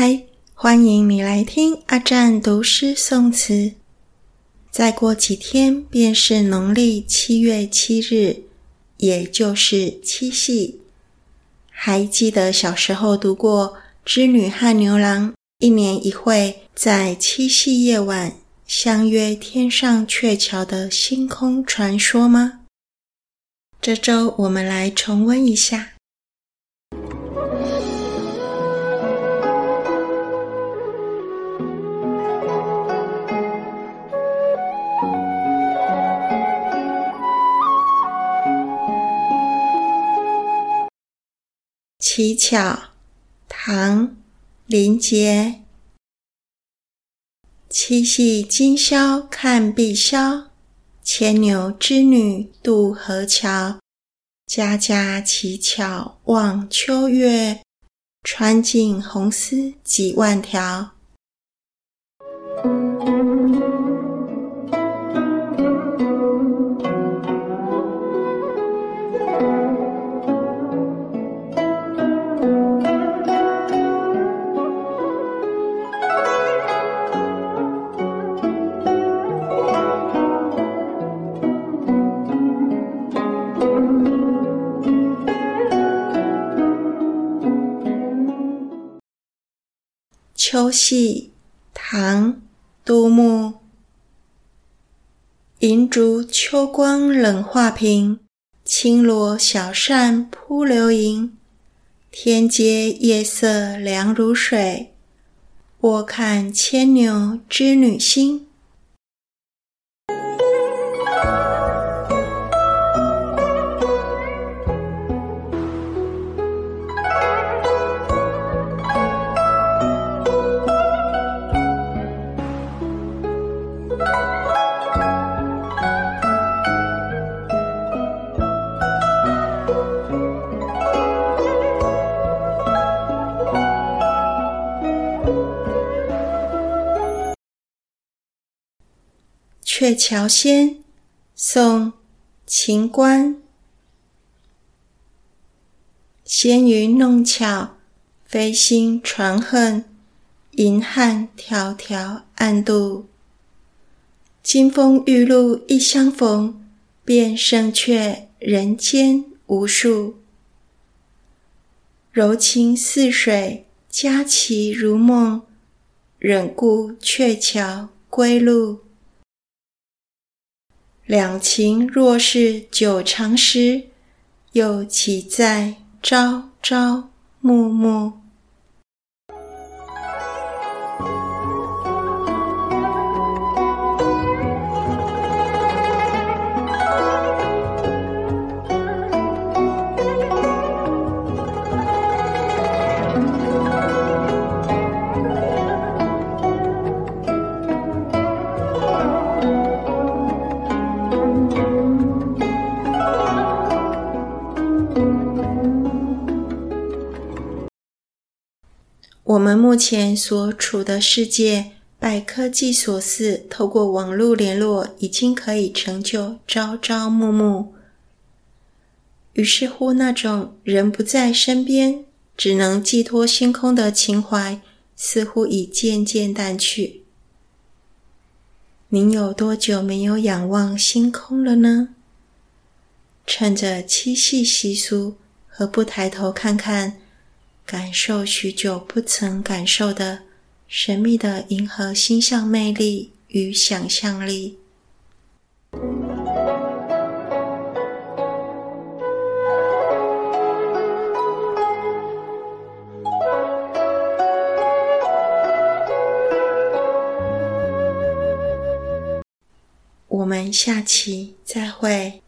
嗨，歡迎你來聽阿占讀詩宋詞。再過幾天便是農曆七月七日，也就是七夕。還記得小時候讀過《織女和牛郎一年一會，在七夕夜晚相約天上鵲橋》的星空傳說嗎？這周我們來重溫一下。乞巧，唐·林傑。七夕今宵看碧霄，牽牛織女渡河橋。家家乞巧望秋月，穿盡紅絲幾萬條。秋夕，唐·杜牧。銀燭秋光冷畫屏，輕羅小扇撲流螢。天階夜色涼如水，臥看牽牛織女星。《鵲橋仙》宋·秦觀，纖雲弄巧，飛星傳恨，銀漢迢迢暗，暗度。金風玉露一相逢，便勝卻人間無數。柔情似水，佳期如夢，忍顧鵲橋歸路。兩情若是久長時，又豈在朝朝暮暮。我們目前所處的世界，拜科技所賜，透過網絡聯絡，已經可以成就朝朝暮暮。於是乎，那種人不在身邊，只能寄托星空的情懷，似乎已漸漸淡去。您有多久沒有仰望星空了呢？趁着七夕習俗，何不抬頭看看？感受許久不曾感受的神秘的銀河星象魅力與想象力。我們下期再會。